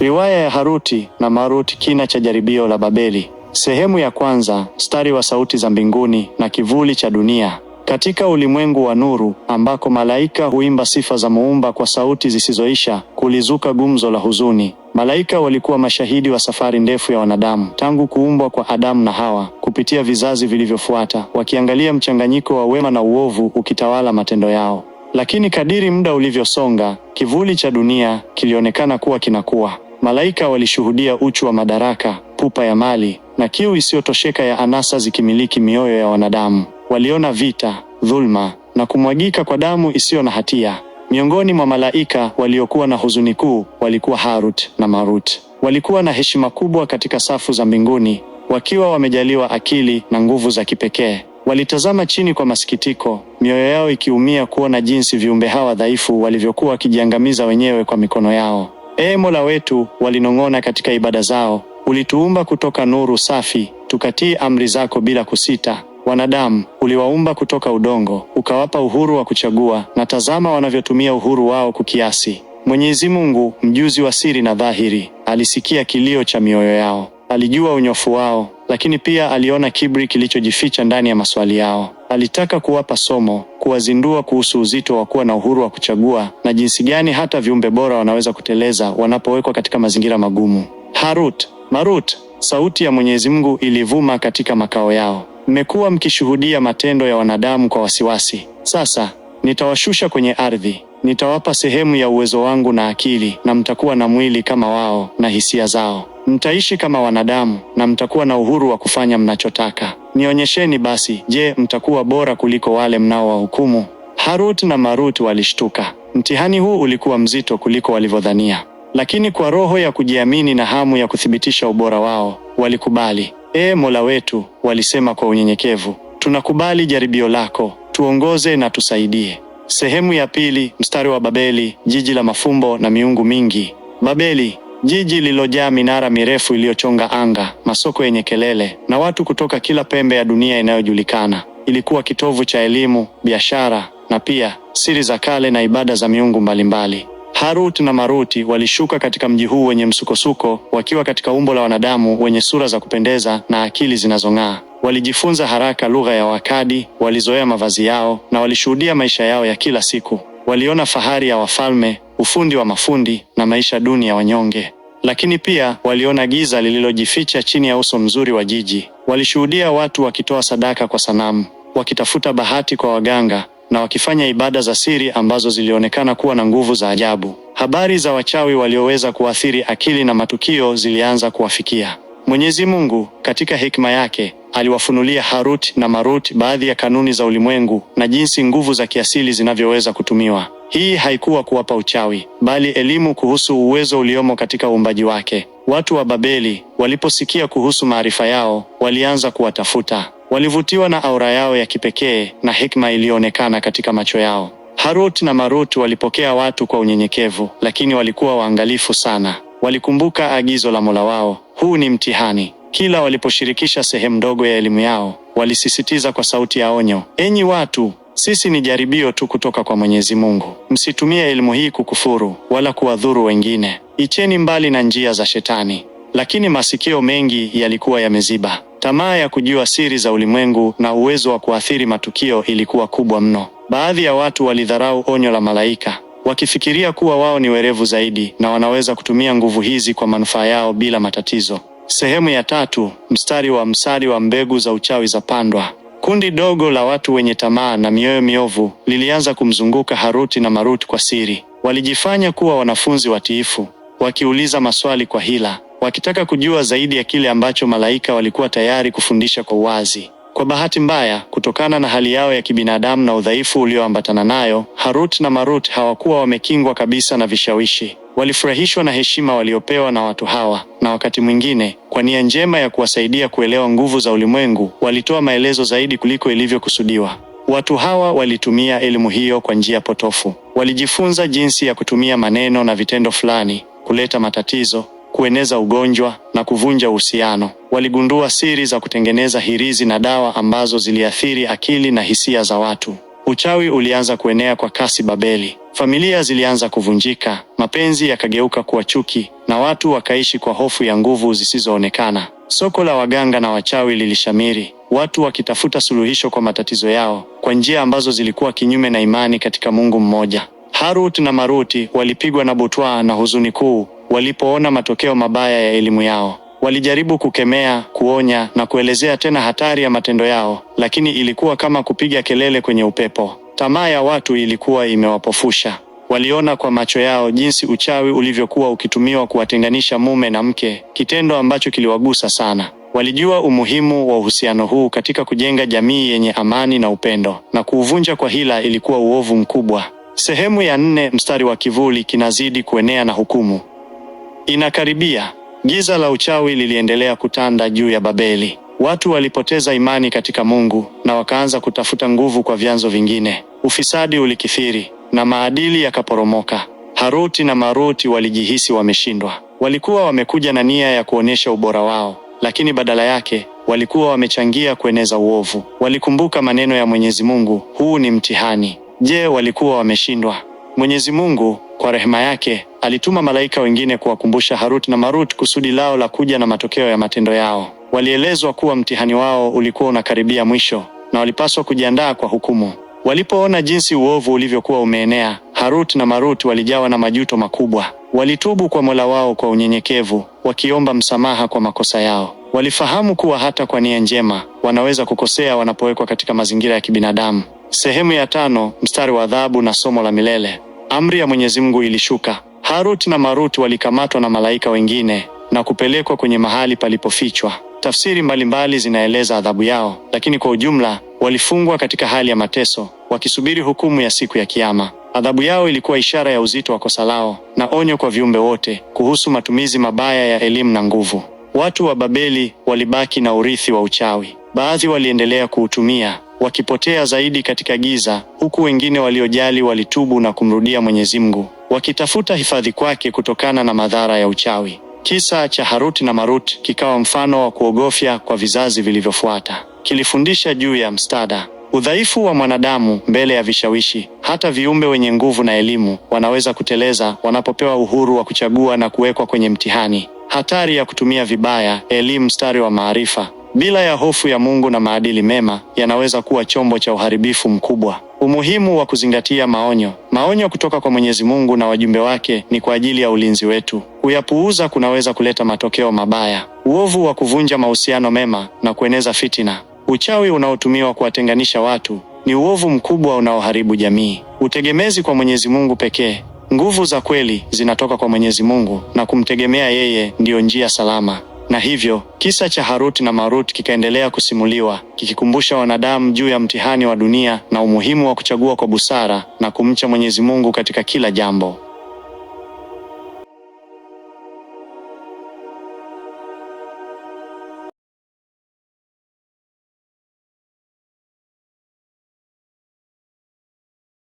Riwaya ya Haruti na Maruti, kina cha jaribio la Babeli. Sehemu ya kwanza, mstari wa sauti za mbinguni na kivuli cha dunia. Katika ulimwengu wa nuru ambako malaika huimba sifa za muumba kwa sauti zisizoisha, kulizuka gumzo la huzuni. Malaika walikuwa mashahidi wa safari ndefu ya wanadamu tangu kuumbwa kwa Adamu na Hawa kupitia vizazi vilivyofuata, wakiangalia mchanganyiko wa wema na uovu ukitawala matendo yao. Lakini kadiri muda ulivyosonga, kivuli cha dunia kilionekana kuwa kinakuwa Malaika walishuhudia uchu wa madaraka, pupa ya mali na kiu isiyotosheka ya anasa zikimiliki mioyo ya wanadamu. Waliona vita, dhulma na kumwagika kwa damu isiyo na hatia. Miongoni mwa malaika waliokuwa na huzuni kuu walikuwa Harut na Marut. Walikuwa na heshima kubwa katika safu za mbinguni, wakiwa wamejaliwa akili na nguvu za kipekee. Walitazama chini kwa masikitiko, mioyo yao ikiumia kuona jinsi viumbe hawa dhaifu walivyokuwa wakijiangamiza wenyewe kwa mikono yao. Ee Mola wetu, walinong'ona katika ibada zao, ulituumba kutoka nuru safi, tukatii amri zako bila kusita. Wanadamu uliwaumba kutoka udongo, ukawapa uhuru wa kuchagua, na tazama wanavyotumia uhuru wao kukiasi. Mwenyezi Mungu, mjuzi wa siri na dhahiri, alisikia kilio cha mioyo yao, alijua unyofu wao, lakini pia aliona kiburi kilichojificha ndani ya maswali yao. Alitaka kuwapa somo kuwazindua kuhusu uzito wa kuwa na uhuru wa kuchagua na jinsi gani hata viumbe bora wanaweza kuteleza wanapowekwa katika mazingira magumu. Harut marut, sauti ya Mwenyezi Mungu ilivuma katika makao yao. Mmekuwa mkishuhudia matendo ya wanadamu kwa wasiwasi. Sasa nitawashusha kwenye ardhi, nitawapa sehemu ya uwezo wangu na akili, na mtakuwa na mwili kama wao na hisia zao. Mtaishi kama wanadamu na mtakuwa na uhuru wa kufanya mnachotaka nionyesheni basi, je, mtakuwa bora kuliko wale mnaowahukumu? Harut na Marut walishtuka. Mtihani huu ulikuwa mzito kuliko walivyodhania, lakini kwa roho ya kujiamini na hamu ya kuthibitisha ubora wao walikubali. Ee Mola wetu, walisema kwa unyenyekevu, tunakubali jaribio lako, tuongoze na tusaidie. Sehemu ya pili, mstari wa Babeli, jiji la mafumbo na miungu mingi. Babeli Jiji lililojaa minara mirefu iliyochonga anga, masoko yenye kelele na watu kutoka kila pembe ya dunia inayojulikana. Ilikuwa kitovu cha elimu, biashara na pia siri za kale na ibada za miungu mbalimbali. Harut na Maruti walishuka katika mji huu wenye msukosuko, wakiwa katika umbo la wanadamu wenye sura za kupendeza na akili zinazong'aa. Walijifunza haraka lugha ya Wakadi, walizoea mavazi yao na walishuhudia maisha yao ya kila siku. Waliona fahari ya wafalme, ufundi wa mafundi na maisha duni ya wanyonge, lakini pia waliona giza lililojificha chini ya uso mzuri wa jiji. Walishuhudia watu wakitoa sadaka kwa sanamu, wakitafuta bahati kwa waganga na wakifanya ibada za siri ambazo zilionekana kuwa na nguvu za ajabu. Habari za wachawi walioweza kuathiri akili na matukio zilianza kuwafikia. Mwenyezi Mungu katika hekima yake aliwafunulia Harut na Marut baadhi ya kanuni za ulimwengu na jinsi nguvu za kiasili zinavyoweza kutumiwa. Hii haikuwa kuwapa uchawi, bali elimu kuhusu uwezo uliomo katika uumbaji wake. Watu wa Babeli waliposikia kuhusu maarifa yao, walianza kuwatafuta. Walivutiwa na aura yao ya kipekee na hikma iliyoonekana katika macho yao. Harut na Marut walipokea watu kwa unyenyekevu, lakini walikuwa waangalifu sana. Walikumbuka agizo la Mola wao, huu ni mtihani. Kila waliposhirikisha sehemu ndogo ya elimu yao, walisisitiza kwa sauti ya onyo, enyi watu, sisi ni jaribio tu kutoka kwa Mwenyezi Mungu, msitumie elimu hii kukufuru wala kuwadhuru wengine, icheni mbali na njia za Shetani. Lakini masikio mengi yalikuwa yameziba. Tamaa ya kujua siri za ulimwengu na uwezo wa kuathiri matukio ilikuwa kubwa mno. Baadhi ya watu walidharau onyo la malaika, wakifikiria kuwa wao ni werevu zaidi na wanaweza kutumia nguvu hizi kwa manufaa yao bila matatizo. Sehemu ya tatu, mstari wa mstari wa mbegu za uchawi za pandwa. Kundi dogo la watu wenye tamaa na mioyo miovu lilianza kumzunguka Haruti na Maruti kwa siri. Walijifanya kuwa wanafunzi watiifu, wakiuliza maswali kwa hila, wakitaka kujua zaidi ya kile ambacho malaika walikuwa tayari kufundisha kwa uwazi. Kwa bahati mbaya, kutokana na hali yao ya kibinadamu na udhaifu ulioambatana nayo, Harut na Marut hawakuwa wamekingwa kabisa na vishawishi. Walifurahishwa na heshima waliopewa na watu hawa, na wakati mwingine, kwa nia njema ya kuwasaidia kuelewa nguvu za ulimwengu, walitoa maelezo zaidi kuliko ilivyokusudiwa. Watu hawa walitumia elimu hiyo kwa njia potofu. Walijifunza jinsi ya kutumia maneno na vitendo fulani kuleta matatizo, kueneza ugonjwa na kuvunja uhusiano. Waligundua siri za kutengeneza hirizi na dawa ambazo ziliathiri akili na hisia za watu. Uchawi ulianza kuenea kwa kasi Babeli. Familia zilianza kuvunjika, mapenzi yakageuka kuwa chuki na watu wakaishi kwa hofu ya nguvu zisizoonekana. Soko la waganga na wachawi lilishamiri, watu wakitafuta suluhisho kwa matatizo yao kwa njia ambazo zilikuwa kinyume na imani katika Mungu mmoja. Harut na Maruti walipigwa na butwaa na huzuni kuu walipoona matokeo mabaya ya elimu yao. Walijaribu kukemea, kuonya na kuelezea tena hatari ya matendo yao, lakini ilikuwa kama kupiga kelele kwenye upepo. Tamaa ya watu ilikuwa imewapofusha. Waliona kwa macho yao jinsi uchawi ulivyokuwa ukitumiwa kuwatenganisha mume na mke, kitendo ambacho kiliwagusa sana. Walijua umuhimu wa uhusiano huu katika kujenga jamii yenye amani na upendo, na kuuvunja kwa hila ilikuwa uovu mkubwa. Sehemu ya nne, mstari wa kivuli kinazidi kuenea na hukumu inakaribia. Giza la uchawi liliendelea kutanda juu ya Babeli. Watu walipoteza imani katika Mungu na wakaanza kutafuta nguvu kwa vyanzo vingine. Ufisadi ulikithiri, na maadili yakaporomoka. Haruti na Maruti walijihisi wameshindwa. Walikuwa wamekuja na nia ya kuonyesha ubora wao, lakini badala yake walikuwa wamechangia kueneza uovu. Walikumbuka maneno ya Mwenyezi Mungu, huu ni mtihani. Je, walikuwa wameshindwa? Mwenyezi Mungu kwa rehema yake alituma malaika wengine kuwakumbusha Harut na Marut kusudi lao la kuja na matokeo ya matendo yao. Walielezwa kuwa mtihani wao ulikuwa unakaribia mwisho na walipaswa kujiandaa kwa hukumu. Walipoona jinsi uovu ulivyokuwa umeenea, Harut na Marut walijawa na majuto makubwa. Walitubu kwa Mola wao kwa unyenyekevu, wakiomba msamaha kwa makosa yao. Walifahamu kuwa hata kwa nia njema wanaweza kukosea wanapowekwa katika mazingira ya kibinadamu. Sehemu ya tano, mstari wa adhabu na somo la milele. Amri ya Mwenyezi Mungu ilishuka. Harut na Marut walikamatwa na malaika wengine na kupelekwa kwenye mahali palipofichwa. Tafsiri mbalimbali zinaeleza adhabu yao, lakini kwa ujumla walifungwa katika hali ya mateso wakisubiri hukumu ya siku ya Kiyama. Adhabu yao ilikuwa ishara ya uzito wa kosa lao na onyo kwa viumbe wote kuhusu matumizi mabaya ya elimu na nguvu. Watu wa Babeli walibaki na urithi wa uchawi. Baadhi waliendelea kuutumia wakipotea zaidi katika giza, huku wengine waliojali walitubu na kumrudia Mwenyezi Mungu, wakitafuta hifadhi kwake kutokana na madhara ya uchawi. Kisa cha Haruti na Maruti kikawa mfano wa kuogofya kwa vizazi vilivyofuata. Kilifundisha juu ya mstada, udhaifu wa mwanadamu mbele ya vishawishi. Hata viumbe wenye nguvu na elimu wanaweza kuteleza wanapopewa uhuru wa kuchagua na kuwekwa kwenye mtihani. Hatari ya kutumia vibaya elimu, mstari wa maarifa bila ya hofu ya Mungu na maadili mema yanaweza kuwa chombo cha uharibifu mkubwa. Umuhimu wa kuzingatia maonyo. Maonyo kutoka kwa Mwenyezi Mungu na wajumbe wake ni kwa ajili ya ulinzi wetu. Kuyapuuza kunaweza kuleta matokeo mabaya. Uovu wa kuvunja mahusiano mema na kueneza fitina. Uchawi unaotumiwa kuwatenganisha watu ni uovu mkubwa unaoharibu jamii. Utegemezi kwa Mwenyezi Mungu pekee. Nguvu za kweli zinatoka kwa Mwenyezi Mungu na kumtegemea yeye ndiyo njia salama. Na hivyo kisa cha Harut na Marut kikaendelea kusimuliwa kikikumbusha wanadamu juu ya mtihani wa dunia na umuhimu wa kuchagua kwa busara na kumcha Mwenyezi Mungu katika kila jambo.